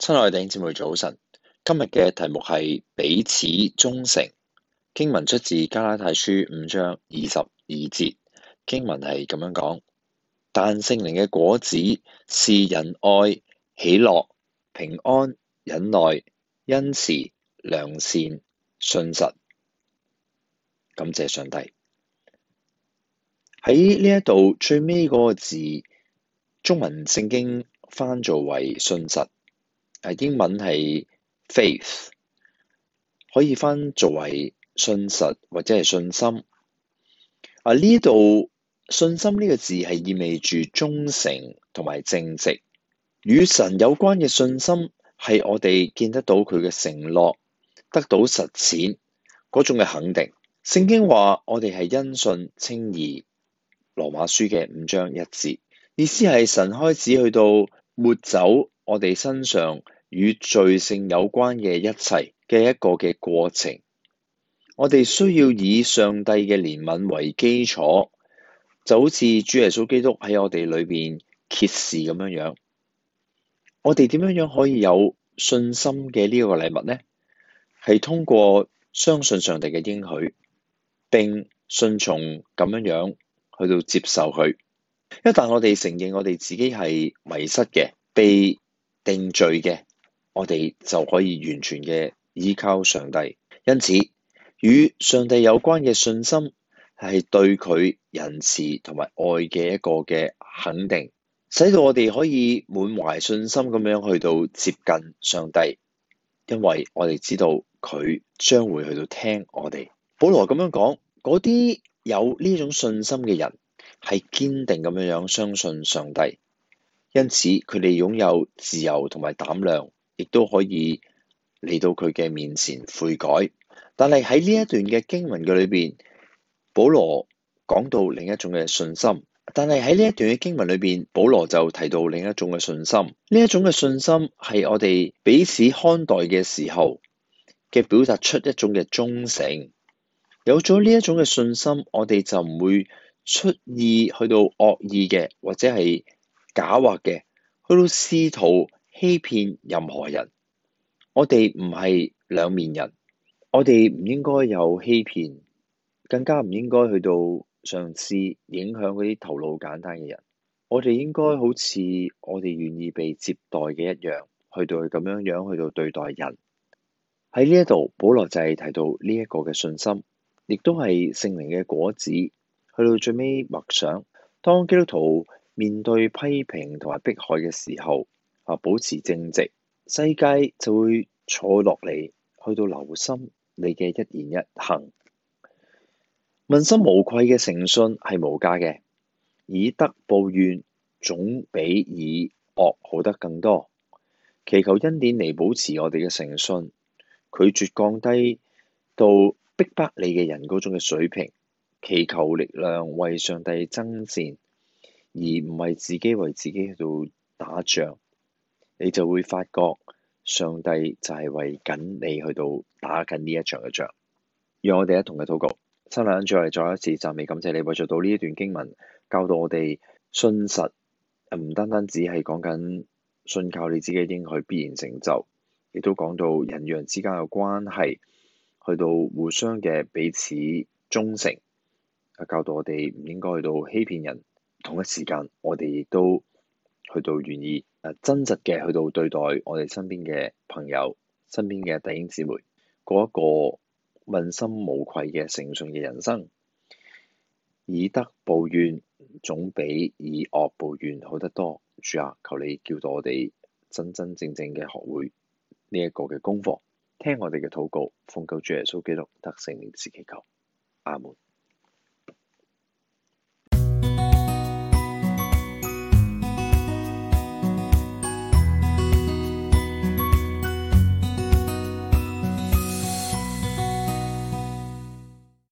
親愛的弟兄姊妹早晨，今日嘅題目係彼此忠誠。經文出自《加拉太書》五章二十二節。經文係咁樣講：但聖靈嘅果子是仁愛、喜樂、平安、忍耐、恩慈、良善、信實。感謝上帝喺呢一度最尾嗰個字，中文聖經翻作為信實。誒，英文係 faith，可以翻作為信實或者係信心。啊，呢度信心呢個字係意味住忠誠同埋正直，與神有關嘅信心係我哋見得到佢嘅承諾，得到實踐嗰種嘅肯定。聖經話我哋係因信稱義，羅馬書嘅五章一節，意思係神開始去到抹走我哋身上與罪性有關嘅一切嘅一個嘅過程，我哋需要以上帝嘅憐憫為基礎，就好似主耶穌基督喺我哋裏邊揭示咁樣樣。我哋點樣樣可以有信心嘅呢個禮物呢？係通過相信上帝嘅應許，並順從咁樣樣去到接受佢。一旦我哋承認我哋自己係迷失嘅、被定罪嘅。我哋就可以完全嘅依靠上帝，因此與上帝有關嘅信心係對佢仁慈同埋愛嘅一個嘅肯定，使到我哋可以滿懷信心咁樣去到接近上帝，因為我哋知道佢將會去到聽我哋。保羅咁樣講，嗰啲有呢種信心嘅人係堅定咁樣樣相信上帝，因此佢哋擁有自由同埋膽量。亦都可以嚟到佢嘅面前悔改，但係喺呢一段嘅經文嘅裏邊，保羅講到另一種嘅信心。但係喺呢一段嘅經文裏邊，保羅就提到另一種嘅信心。呢一種嘅信心係我哋彼此看待嘅時候嘅表達出一種嘅忠誠。有咗呢一種嘅信心，我哋就唔會出意去到惡意嘅，或者係狡猾嘅，去到試圖。欺騙任何人，我哋唔係兩面人，我哋唔應該有欺騙，更加唔應該去到嘗試影響嗰啲頭腦簡單嘅人。我哋應該好似我哋願意被接待嘅一樣，去到去咁樣樣去到對待人。喺呢一度，保羅就係提到呢一個嘅信心，亦都係聖靈嘅果子，去到最尾默想，當基督徒面對批評同埋迫害嘅時候，保持正直，世界就會坐落嚟去到留心你嘅一言一行，問心無愧嘅誠信係無價嘅，以德報怨總比以惡好得更多。祈求恩典嚟保持我哋嘅誠信，拒絕降低到逼迫你嘅人嗰種嘅水平。祈求力量為上帝爭戰，而唔係自己為自己喺度打仗。你就會發覺，上帝就係為緊你去到打緊呢一場嘅仗。讓我哋一同嘅禱告。新兩再嚟再一次讚美感謝你，為著到呢一段經文教導我哋信實，唔單單只係講緊信靠你自己應許必然成就，亦都講到人與人之間嘅關係，去到互相嘅彼此忠誠，教導我哋唔應該去到欺騙人。同一時間，我哋亦都去到願意。真實嘅去到對待我哋身邊嘅朋友、身邊嘅弟兄姊妹，過一個問心無愧嘅誠信嘅人生。以德報怨總比以惡報怨好得多。主啊，求你叫到我哋真真正正嘅學會呢一、這個嘅功課。聽我哋嘅禱告，奉救主耶穌基督得勝之祈求。阿門。